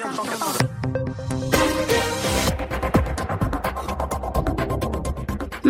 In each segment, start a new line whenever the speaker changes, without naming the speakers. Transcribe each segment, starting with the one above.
让让。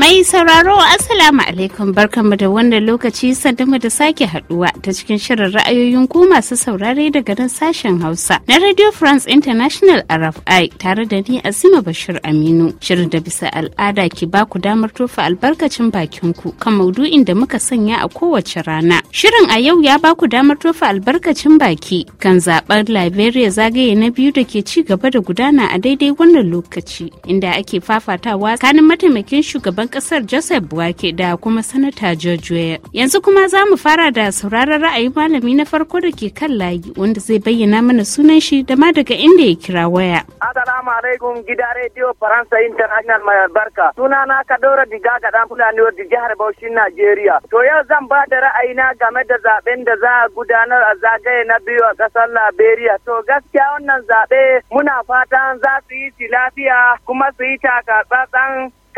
Mai sauraro asalamu alaikum barkanmu da wannan lokaci mu da sake haduwa ta cikin shirin ra'ayoyin ku masu saurare daga nan sashen Hausa na Radio France International RFI tare da ni Asima Bashir Aminu. Shirin da bisa al'ada ki ba ku damar tofa albarkacin bakin ku kan maudu'in da muka sanya a kowace rana. Shirin a yau ya ba ku damar tofa albarkacin baki kan zaben Liberia zagaye na biyu da ke ci gaba da gudana a daidai wannan lokaci inda ake fafatawa kanin mataimakin shugaban kasar joseph Buake da kuma sanata george yanzu kuma za mu fara da sauraron ra'ayin malami na farko da ke kan layi wanda zai bayyana mana sunan shi da ma daga inda ya kira waya
assalamu alaikum gida rediyo faransa international mai albarka sunana kadora diga ga dan fulani wadda jihar bauchi nigeria to yau zan ba da ra'ayina
game da zaben da za a gudanar a zagaye na biyu a kasar liberia to gaskiya wannan zaɓe muna fatan za su yi lafiya kuma su yi taka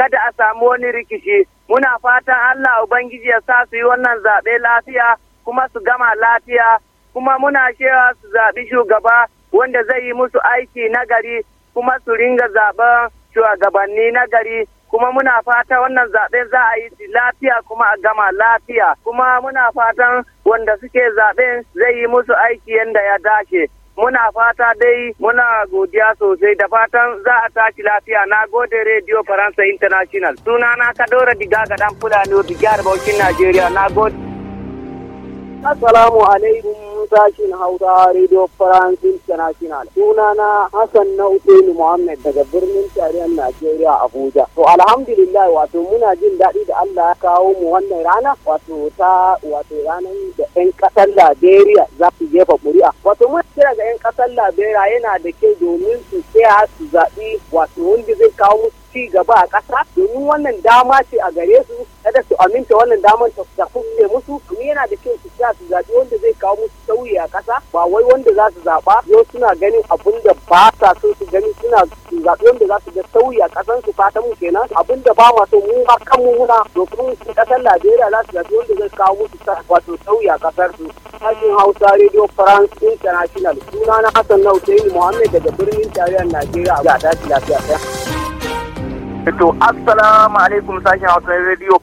kada a samu wani rikici muna fatan Allah ubangiji ya sa su yi wannan zaɓe
lafiya kuma su gama lafiya kuma muna cewa su zaɓi shugaba wanda zai yi musu aiki na gari kuma su ringa zaɓen shugabanni na gari kuma muna fata wannan zaɓen za a yi lafiya kuma a gama lafiya kuma muna fatan wanda suke zaɓen zai yi musu aiki yadda ya dace muna fata dai muna godiya sosai da fatan za a tashi lafiya na gode radio faransa international suna na kadora diga ga dan fulani diga da bauchin najeriya na gode
assalamu alaikum Kun Hausa Radio France International. Sunana Hassan na Usaini muhammed daga birnin tarihin Najeriya Abuja. To alhamdulillah wato muna jin daɗi da Allah ya kawo mu wannan rana wato ta wato ranar da 'yan ƙasar Liberia za su jefa ƙuri'a. Wato muna kira ga 'yan ƙasar Liberia yana da kyau domin su tsaya su zaɓi wato wanda zai kawo musu ci gaba a ƙasa domin wannan dama ce a gare su kada su aminta wannan damar ta kulle musu kuma yana da kyau su tsaya su zaɓi wanda zai kawo musu sauyi a kasa ba wai wanda za su zaɓa yau suna ganin abun da ba sa so su gani suna zaɓi wanda za su ga sauyi a ƙasan su fatan mu kenan abun da ba ma so mu ma kanmu muna domin ƙasar Najeriya za su zaɓi wanda zai kawo musu wato sauyi a ƙasar su. Sashen Hausa Radio France International sunana Hassan Nautai Muhammad daga birnin tarayyar Najeriya a ta lafiya. To
assalamu alaikum sashen Hausa Radio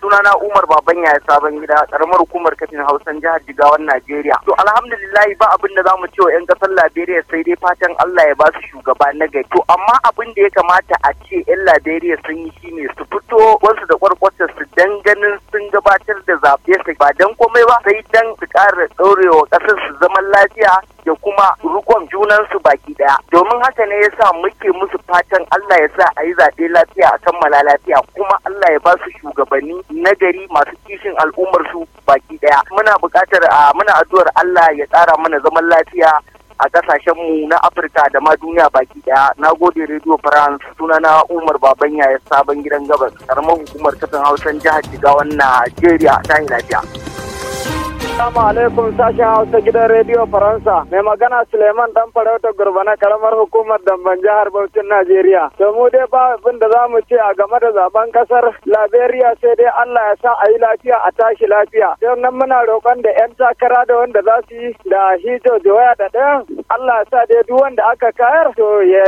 suna na Umar Baban ya sabon gida karamar hukumar kafin Hausan jihar Jigawar Najeriya. To alhamdulillahi ba abin da zamu ce wa 'yan kasar Liberia sai dai fatan Allah ya ba su shugaba na gari. To amma abin da ya kamata a ce 'yan Liberia sun yi shine su fito wasu da kwarkwata su dan ganin sun gabatar da zaɓe su ba dan komai ba sai dan su ƙara ɗorewa ƙasar su zaman lafiya da kuma rukon junansu baki daya domin haka ne yasa muke musu fatan Allah ya sa a yi zaɓe lafiya a kammala lafiya kuma Allah ya ba su shugabanni nagari masu kishin al'ummar su baki daya muna buƙatar a muna addu'ar Allah ya tsara mana zaman lafiya a kasashen mu na Afirka da ma duniya baki daya. Na gode Radio France na Umar Babanya ya sabon gidan gabas karamar hukumar kasan Hausan jihar Jigawan Najeriya ta lafiya. Assalamu alaikum sashen Hausa gidan Radio Faransa. Mai magana Suleiman dan farauta gurbana karamar hukumar Damban jihar Bauchin Najeriya. To mu dai ba abin da za mu ce a game da zaben kasar Liberia sai dai Allah ya sa a yi lafiya a tashi lafiya. Don nan muna roƙon da 'yan takara da wanda za su yi da Hijo waya da ɗaya Allah sa dai duk wanda aka kayar to ya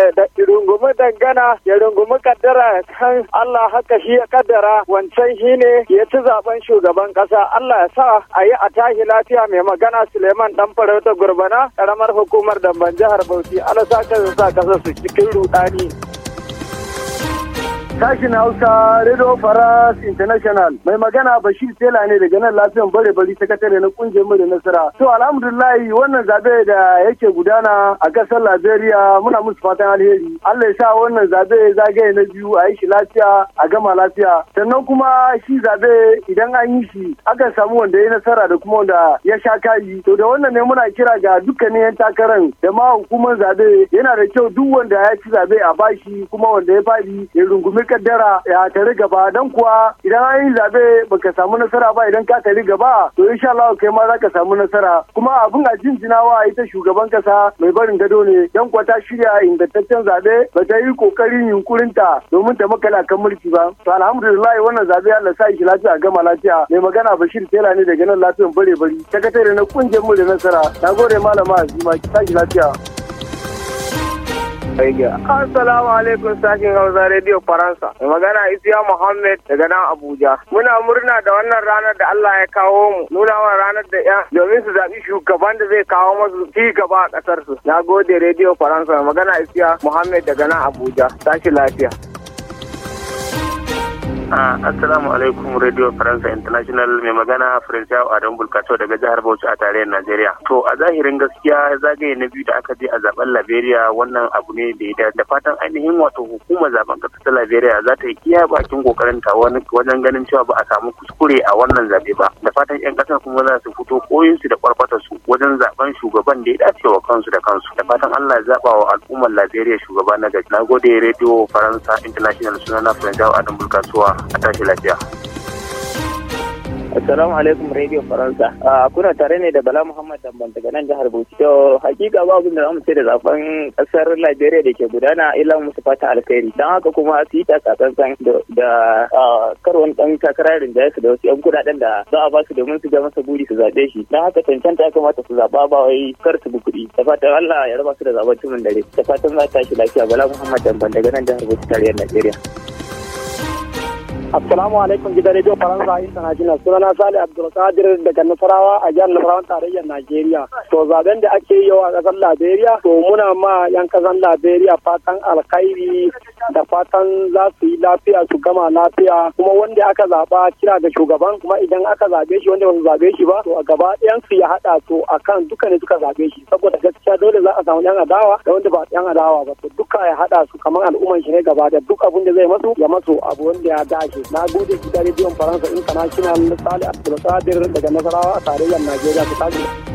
rungumi dangana ya rungumi kaddara kan Allah haka shi ya kaddara wancan shi ne ya ci zaben shugaban kasa Allah ya sa a yi a tahi lafiya mai magana Suleiman dan farauta gurbana karamar hukumar damban jihar Bauchi Allah sa ka sa kasa su cikin rudani. Sashin Hausa Radio France International mai magana Bashir Tela ne daga nan lafiyan bare bari sakatare na kungiyar mu da nasara. To alhamdulillahi wannan zabe da yake gudana a kasar Liberia muna musu fatan alheri. Allah ya sa wannan zabe zagaye na biyu a yi shi lafiya a gama lafiya. Sannan kuma shi zabe idan an yi shi akan samu wanda ya nasara da kuma wanda ya sha kayi. To da wannan ne muna kira ga dukkanin 'yan takarar da ma hukumar zabe yana da kyau duk wanda ya ci zabe a bashi kuma wanda ya faɗi ya rungumi kaddara ya tari gaba dan kuwa idan an yi zabe baka samu nasara ba idan ka tari gaba to insha Allah kai ma zaka samu nasara kuma abin a jinjinawa ita shugaban kasa mai barin gado ne dan kuwa ta shirya ingantaccen zabe ba ta yi kokarin yunkurinta domin ta makala kan mulki ba to alhamdulillah wannan zabe Allah sa shi lafiya gama lafiya mai magana Bashir Tela ne daga nan lafiyar bare bari sakatare na kungiyar mu da nasara nagode malama Azima sa shi lafiya Assalamu alaikum sashen Hausa Radio Faransa. Magana Isiya Muhammad daga nan Abuja. Muna murna da wannan ranar da Allah ya kawo mu. Nuna wa ranar da ya domin su zaɓi shugaban da zai kawo masu ci gaba a ƙasarsu. Na gode Radio Faransa. Magana Isiya Muhammad daga nan Abuja. Tashi lafiya. Assalamu alaikum Radio Faransa International mai magana Prince Yau Adam Bulkato daga jihar Bauchi a tarayyar Najeriya. To a zahirin gaskiya zagaye na biyu da aka je a zaben Liberia wannan abu ne da ya da fatan ainihin wato hukumar zaben kasa ta Liberia za ta yi iya bakin kokarin ta wajen ganin cewa ba a samu kuskure a wannan zabe ba. Da fatan yan kasar kuma za su fito koyin su da kwarkwata su wajen zaben shugaban da ya dace wa kansu da kansu. Da fatan Allah ya zaba wa al'ummar Liberia shugaba na gari. Nagode Radio Faransa International sunana Prince Yau Adam Bulkatowa. a tashi lafiya. Assalamu alaikum Radio Faransa. Ah, kuna tare ne da Bala Muhammad Damban daga nan jihar Bauchi. To hakika babu da zamu ce da zaben kasar Liberia da ke gudana ila musu fata alkhairi. Dan haka kuma su yi takatsantsan da ah, karwan dan takara rinjaye su da wasu yan kudaden da za a ba su domin su ga masa buri su zabe shi. Dan haka cancanta ya kamata su zaɓa ba wai kar su bi kuɗi. Da fatan Allah ya raba su da zaɓen cimin dare. Da fatan za ta tashi lafiya Bala Muhammad Damban daga nan jihar Bauchi tarayyar Najeriya. Assalamu alaikum gidan Radio Faransa International. Sunana Sale Abdulkadir daga Nasarawa a jihar Nasarawa tarayyar Najeriya. To zaben da ake yi yau a kasar Liberia, to muna ma 'yan kasar Liberia fatan alkhairi da fatan za su yi lafiya su gama lafiya kuma wanda aka zaba kira ga shugaban kuma idan aka zabe shi wanda ba su zabe shi ba to a gaba ɗayan su ya haɗa to kan duka ne suka zabe shi saboda gaskiya dole za a samu ɗan adawa da wanda ba ɗan adawa ba to duka ya haɗa su kamar al'umman shi ne gaba da duk abin da zai masu ya masu abu wanda ya dace na gode gidan rediyon faransa international sali abdulkadir daga nasarawa a tarayyar najeriya ta tashi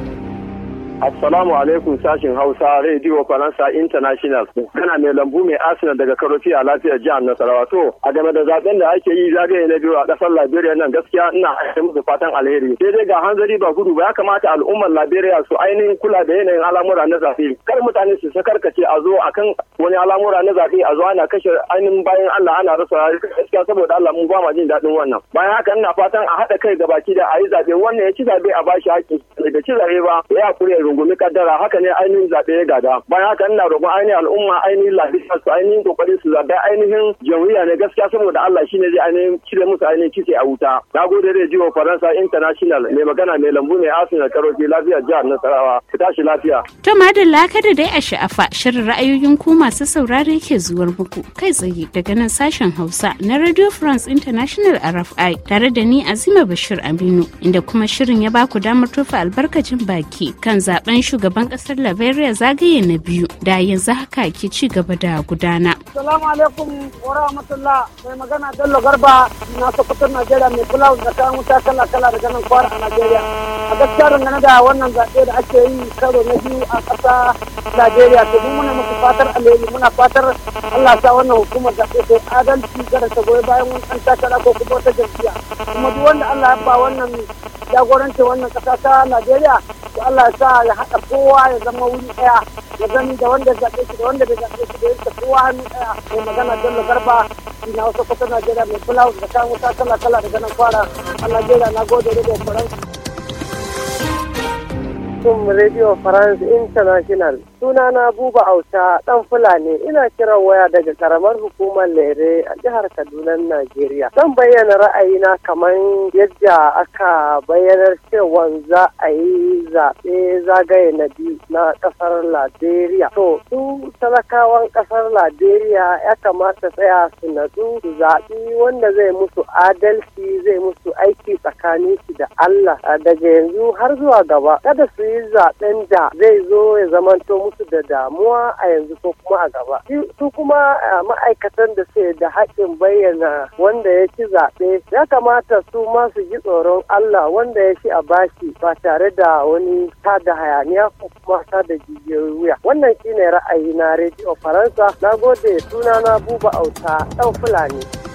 Assalamu alaikum sashin Hausa Radio Faransa International. Kana mai lambu mai Arsenal daga Karofi a lafiyar jihar Nasarawa. To, a game da zaben da ake yi zagaye na biyu a kasar Liberia nan gaskiya ina aiki musu fatan alheri. Sai dai ga hanzari ba gudu ba ya kamata al'ummar Liberia su ainihin kula da yanayin al'amura na zafi. Kar mutane su sakarkace a zo a kan wani al'amura na zafi a zo ana kashe ainihin bayan Allah ana rasa gaskiya saboda Allah mu ba ma jin daɗin wannan. Bayan haka ina fatan a haɗa kai gabaki da a yi zaɓe wannan ya ci zaɓe a bashi haƙƙi. Da ci zaɓe ba ya kure rungumi kaddara haka ne ainihin zaɓe ya gada bayan haka ina roƙon ainihin al'umma ainihin lafiya su ainihin kokarin su zaɓe ainihin jamhuriya ne gaskiya saboda Allah shine zai ainihin cire musu ainihin kitse a wuta na gode rediyo faransa international mai magana mai lambu mai arsenal karofi lafiya jihar nasarawa ku tashi lafiya.
to da lakada dai a sha'afa shirin ra'ayoyin ku masu saurare ke zuwar muku kai tsaye daga nan sashen hausa na radio france international rfi tare da ni azima bashir aminu inda kuma shirin ya baku damar tofa albarkacin baki kan za zaben shugaban kasar liberia zagaye na biyu da yanzu haka ke ci gaba da gudana
salamu alaikum wa rahmatullah mai magana bello garba na sokoton najeriya mai kula da kayan wuta kala kala daga nan kwara a najeriya a gaskiya dangane da wannan zaɓe da ake yi karo na biyu a ƙasa najeriya to mu muna muku fatar alheri muna fatar allah sa wannan hukumar zaɓe ta adalci kada ta goyi bayan wani ɗan takara ko kuma wata jam'iyya kuma duk wanda allah ya ba wannan jagorancin wannan ƙasa ta najeriya to allah ya sa ya haɗa kowa ya zama wuri ɗaya ya gani da wanda zaɓe shi da wanda bai zaɓe shi da yadda kowa hannu ɗaya mai magana na Garba na wasu kusa Najeriya mai Fulawus da kayan wuta kala-kala daga nan fara a Najeriya na gode da Faransa.
Kun Radio France International. sunana buba auta dan fulani ina kiran waya daga karamar hukumar lere a jihar kaduna najeriya zan bayyana ra'ayina kamar yadda aka bayyanar cewa za a yi zaɓe zagaye na biyu na ƙasar liberia to su talakawan ƙasar liberia ya kamata tsaya su natsu su zaɓi wanda zai musu adalci zai musu aiki tsakanin su da allah daga yanzu har zuwa gaba kada su yi zaɓen da zai zo ya zamanto musu Su da damuwa a yanzu ko kuma a gaba su kuma ma'aikatan da su da haƙƙin bayyana wanda ya ci zaɓe ya kamata su ma su ji tsoron Allah wanda ya ci a bashi ba tare da wani ta da hayaniya ko kuma ta da jijiyoyi wuya wannan shine ra'ayi na Radio Faransa na gode sunana Buba Auta ɗan Fulani.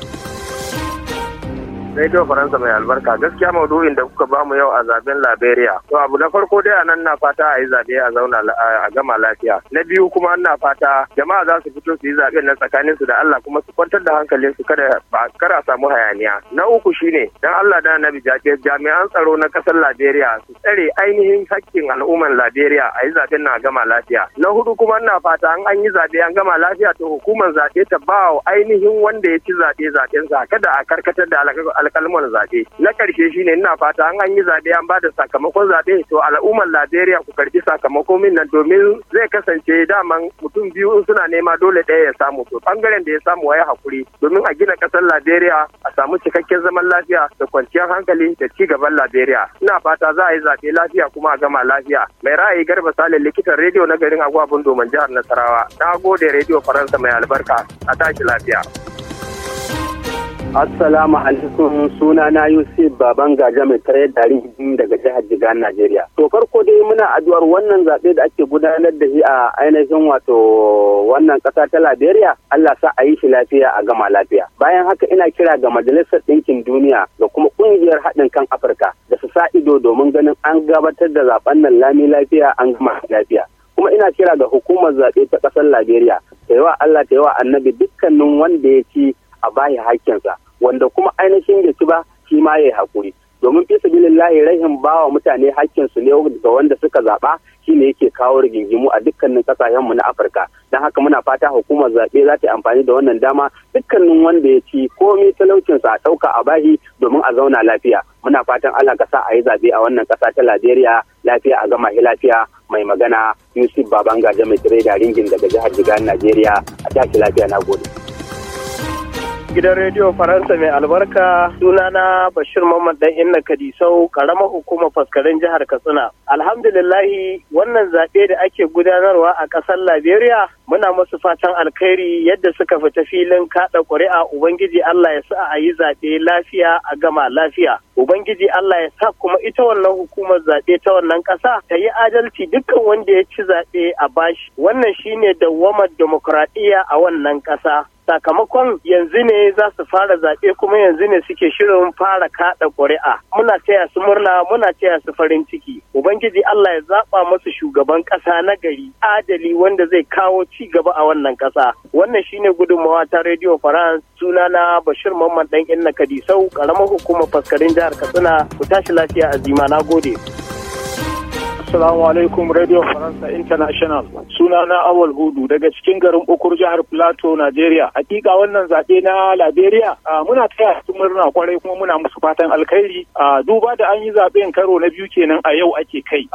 Radio Faransa mai albarka gaskiya maudu'in da kuka bamu yau a zaben Liberia. To abu na farko dai a nan na fata a yi zabe a zauna a gama lafiya. Na biyu kuma na fata jama'a za su fito su yi zaben na tsakanin su da Allah kuma su kwantar da hankalin su kada ba kara samu hayaniya. Na uku shine dan Allah da Annabi jami'an tsaro na kasar Liberia su tsare ainihin hakkin al'umman Liberia a yi zaben na gama lafiya. Na hudu kuma na fata an an yi zabe an gama lafiya to hukumar zabe ta ba ainihin wanda ya ci zabe zaben sa kada a karkatar da alkalman zaɓe na ƙarshe shine ina fata an an yi zaɓe an bada sakamakon zaɓe to al'ummar Najeriya ku karbi sakamakon min nan domin zai kasance daman mutum biyu suna nema dole ɗaya ya samu to bangaren da ya samu waye hakuri domin a gina ƙasar Najeriya a samu cikakken zaman lafiya da kwanciyar hankali da ci gaban Liberia ina fata za a yi zaɓe lafiya kuma a gama lafiya mai ra'ayi Garba salin likitan rediyo na garin Agwabun Domin jihar Nasarawa na gode rediyo Faransa mai albarka a tashi lafiya. Assalamu alaikum suna na Yusuf Baban Gaja mai tare da daga jihar Jigan Najeriya. To farko dai muna addu'ar wannan zaɓe da ake gudanar da shi a ainihin wato wannan ƙasa ta Liberia Allah sa a yi shi lafiya a gama lafiya. Bayan haka ina kira ga Majalisar Ɗinkin Duniya da kuma ƙungiyar haɗin kan Afirka da su sa ido domin ganin an gabatar da zaɓen nan lami lafiya an gama lafiya. Kuma ina kira ga hukumar zaɓe ta ƙasar Liberia ta yi Allah ta yi annabi dukkanin wanda ya ci a bayi hakkinsa wanda kuma ainihin da ci ba shi ma ya yi hakuri domin fi sabilillahi rahin bawa mutane hakkinsu ne ga wanda suka zaɓa ne yake kawo rigingimu a dukkanin kasashenmu na Afirka don haka muna fata hukumar zaɓe za ta yi amfani da wannan dama dukkanin wanda ya ci komai talaucinsa a ɗauka a bahi domin a zauna lafiya muna fatan Allah ka sa a yi zaɓe a wannan ƙasa ta Najeriya lafiya a gama lafiya mai magana Yusuf Babanga mai da ringin daga jihar Jigar Najeriya a tashi lafiya na gode. gidan rediyo faransa mai albarka sunana bashir mamman dan inna kadisau karamar hukumar faskarin jihar katsina alhamdulillahi wannan zaɓe da ake gudanarwa a ƙasar liberia muna masu fatan alkhairi yadda suka fita filin kaɗa ƙuri'a ubangiji allah ya sa a yi zaɓe lafiya a gama lafiya ubangiji allah ya sa kuma ita wannan hukumar zaɓe ta wannan ƙasa ta yi adalci dukkan wanda ya ci zaɓe a bashi wannan shine dawwamar dimokuraɗiyya a wannan ƙasa sakamakon yanzu ne za su fara zaɓe kuma yanzu ne suke shirin fara kaɗa ƙuri'a muna taya su murna muna taya su farin ciki ubangiji Allah ya zaɓa musu shugaban ƙasa na gari adali wanda zai kawo ci gaba a wannan ƙasa wannan shine gudunmawa ta radio France na Bashir Mamman dan Inna Kadisau ƙaramar hukumar faskarin jihar Katsina ku tashi lafiya azima na gode. Assalamu alaikum Radio Faransa International. suna na Awal Hudu daga cikin garin Ukur jihar Plateau, Najeriya. Hakika wannan zaɓe na Liberia muna taya su murna kwarai kuma muna musu fatan alkhairi. Duba da an yi zaɓen karo na biyu kenan a yau ake kai.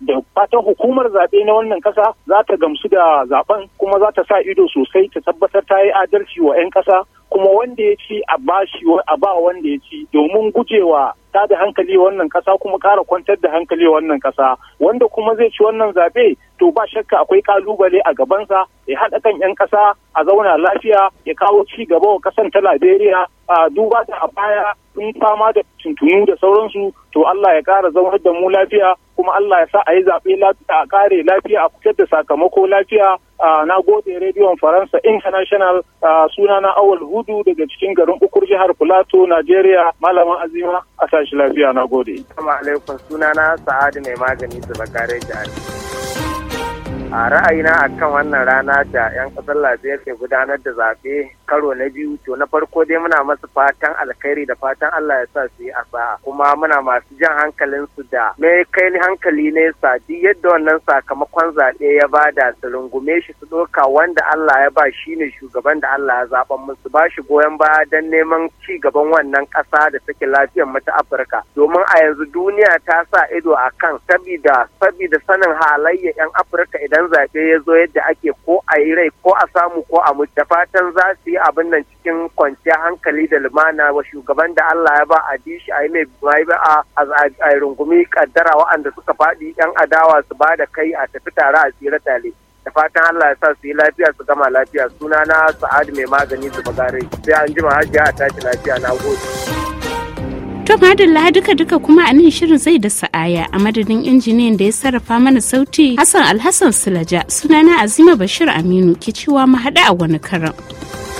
Da fatan hukumar zaɓe na wannan ƙasa za ta gamsu da zaɓen kuma za ta sa ido sosai ta tabbatar ta yi adalci wa 'yan ƙasa kuma wanda ya ci a bashi a ba wanda ya ci domin gujewa ta da hankali wannan kasa kuma kara kwantar da hankali wannan kasa wanda kuma zai ci wannan zabe to ba shakka akwai kalubale a gabansa ya haɗa kan 'yan kasa a zauna lafiya ya kawo ci gaba wa kasan ta Liberia a duba ta a baya in fama da tuntunu da sauransu to Allah ya kara zama da mu lafiya kuma Allah ya sa a yi zaɓe lafiya a kare lafiya a fitar da sakamako lafiya na gode rediyon faransa international suna na awal hudu daga cikin garin ukur jihar plateau nigeria malaman azima a tashi lafiya na gode. alaikum sunana sa'adu mai magani su bakare jihar. a ra'ayina a kan wannan rana da 'yan ƙasar lafiya ke gudanar da zaɓe karo na biyu to na farko dai muna masu fatan alkhairi da fatan Allah ya sa su yi asa'a kuma muna masu jan hankalin su da me kai hankali ne sadi yadda wannan sakamakon zaɓe ya bada su rungume shi su ɗauka wanda Allah ya ba shi ne shugaban da Allah ya zaɓan musu ba shi goyon baya don neman ci gaban wannan ƙasa da take lafiyar mu ta Afirka domin a yanzu duniya ta sa ido akan sabida sabida sanin halayya 'yan Afirka idan idan zaɓe ya zo yadda ake ko a yi rai ko a samu ko a mutu da fatan za su yi abin nan cikin kwanciyar hankali da lumana wa shugaban da Allah ya ba a di shi a yi mai ba a rungumi kaddara waɗanda suka faɗi yan adawa su ba da kai a tafi tare a tsira tare da fatan Allah ya sa su yi lafiya su gama lafiya Suna na Sa'adu mai magani su bagare sai an jima hajiya a tashi lafiya na gobe.
To madalla duka-duka kuma a nan shirin zai da sa'aya a madadin injiniyan da ya sarrafa mana sauti Hassan Alhassan Sulaja sunana Azima Bashir Aminu ke cewa mu hada a wani karan.